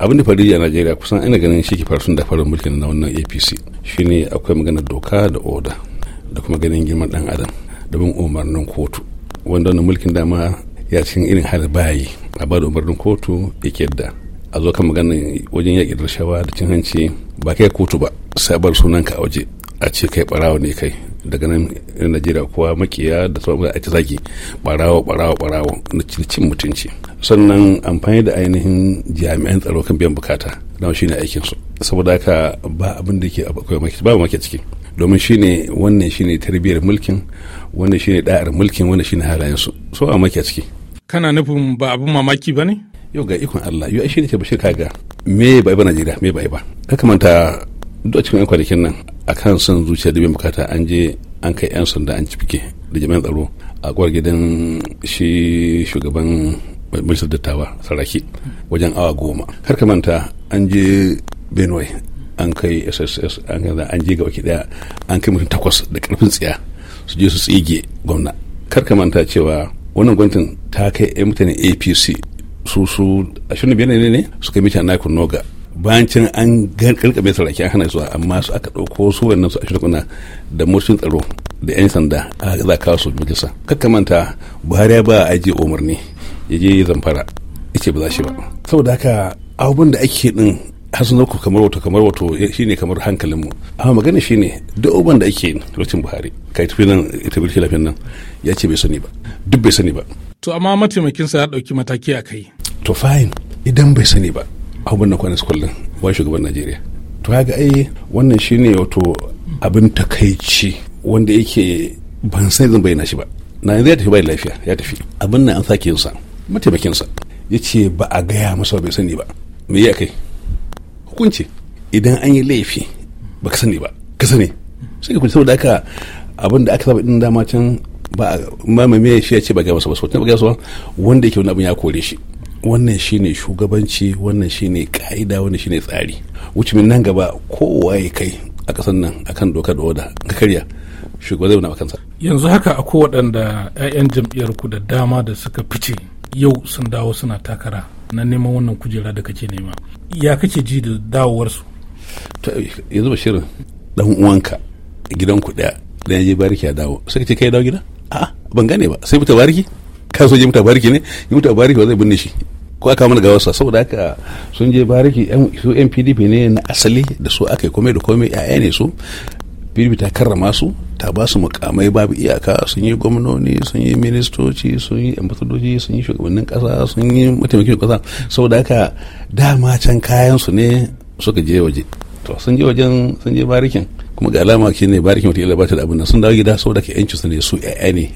abin da a najeriya kusan ina ganin shi ke farsun da farin mulkin na wannan apc shine akwai maganar doka da oda da kuma ganin girman dan adam da bin umarnin kotu wanda wannan mulkin dama ya cikin irin hal bayi a bada umarnin kotu yake da a zo kan magana wajen yaƙi da rashawa da cin hanci ba kai kotu ba sabar sunanka a waje a ce kai barawa ne kai daga nan yan najeriya kowa makiya da sauran a ci zaki barawo barawo barawo na cin mutunci sannan amfani da ainihin jami'an tsaro kan biyan bukata na shine aikin su saboda haka ba abin da ke ba maki ciki domin shine wannan shine tarbiyyar mulkin wannan shine da'ar mulkin wannan shine halayen su so a maki ciki kana nufin ba abin mamaki ba ne yau ga ikon Allah yau shi ne ce bashir kaga me ba ba Najeriya me ba ba ka kamanta duk cikin kwanakin nan a kan son zuciya da bin bukata an je an kai 'yan sanda an cifike da jami'an tsaro a kwar gidan shi shugaban majalisar dattawa saraki wajen awa goma har ka manta an je benue an kai sss an kai an je gaba daya an kai mutum takwas da karfin tsiya su je su tsige gwamna kar ka manta cewa wannan gwamnatin ta kai 'yan mutane apc su su 25 ne ne suka mita na noga bayan cin an mai sarraki an hana su amma su aka ɗauko su wannan su a shirkuna da motsin tsaro da 'yan sanda a za kawo su majalisa manta buhari ya ba a ajiye umarni ya je ya zamfara ce ba za shi ba saboda haka abubuwan da ake ɗin hasan ku kamar wato kamar wato shi ne kamar hankalin mu amma magana ne duk abubuwan da ake yin lokacin buhari kai tafi nan ita bilki lafiyar nan ya ce bai sani ba duk bai sani ba to amma mataimakinsa ya ɗauki mataki a kai to fine idan bai sani ba abubuwan na kwana kullum wa shugaban najeriya to haka ai wannan shine wato abin takaici wanda yake ban sai zan bayyana shi ba na yanzu ya tafi bai lafiya ya tafi abin nan an sake yinsa mataimakinsa ya ce ba a gaya masa bai sani ba me ya kai hukunci idan an yi laifi ba ka sani ba ka sani sai ka kunci saboda haka abin da aka saba din dama can ba ma mai ya ce ba ga masa ba so ba gaya masa wanda yake wani abin ya kore shi wannan shine shugabanci wannan shine ka'ida wannan shine tsari wuce min nan gaba kowa ya kai a kasan nan akan dokar da wada ka karya shugaba zai kansa yanzu haka a waɗanda 'ya'yan jam'iyyar ku da dama da suka fice yau sun dawo suna takara na neman wannan kujera da kake nema ya kake ji da dawowarsu yanzu bashirin dan uwanka gidan ku ɗaya ya je bariki ya dawo sai ce kai dawo gida a'a ban gane ba sai fita bariki ka so je mutu bariki ne ya mutu bariki ba zai binne shi ko aka mana gawarsa saboda haka sun je bariki su yan pdp ne na asali da su aka yi komai da komai ya'ya ne su pdp ta karrama su ta ba su mukamai babu iyaka sun yi gwamnoni sun yi ministoci sun yi ambasadoji sun yi shugabannin kasa sun yi mataimakin kasa saboda haka dama can kayan su ne suka je waje to sun je wajen sun je barikin kuma ga alama ne barikin wata ba ta da abin nan sun dawo gida saboda ka yanci su ne su yaya ne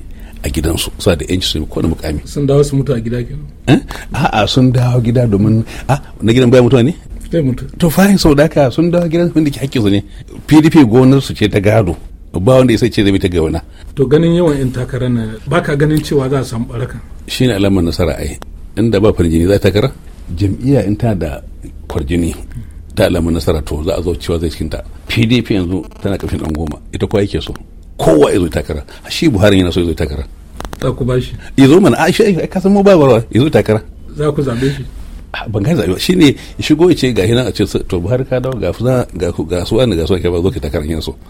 a gidansu suna da yanci su yi kowane mukami sun dawo su mutu a gida kenan eh? a'a sun dawo gida domin a ah, na gidan bayan mutuwa ne zai mutu to fayin sau da sun dawo gidan wanda ke hakkinsu ne pdp gonar su ce ta gado ba wanda ya sai ce zai ta gauna to ganin yawan yan takarar na ba ka ganin cewa za a samu baraka shine alamar nasara ai inda ba farjini za a takara jam'iyya in ta da kwarjini ta alamar nasara to za a zo cewa zai cikinta pdp yanzu tana kafin dan goma ita kuwa yake so kowa ya zo takara shi buhari yana so ya zo takara za ku ba shi ya zo mana a ya kasa mu ba barawa ya zo takara za ku zabe shi ah, ban gane zabe shi ne shigo ya ce ga hina a ce to buhari ka dawo ga su ga wani ga su ake ba zo ki takara yin so